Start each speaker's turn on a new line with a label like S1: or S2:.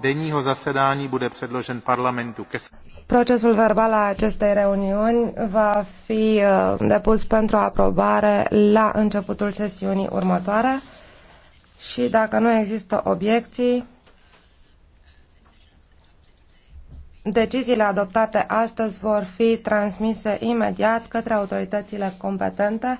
S1: denního zasedání bude předložen parlamentu ke
S2: Procesul verbal al acestei reuniuni va fi uh, depus pentru aprobare la începutul sesiunii următoare și dacă nu există obiecții, deciziile adoptate astăzi vor fi transmise imediat către autoritățile competente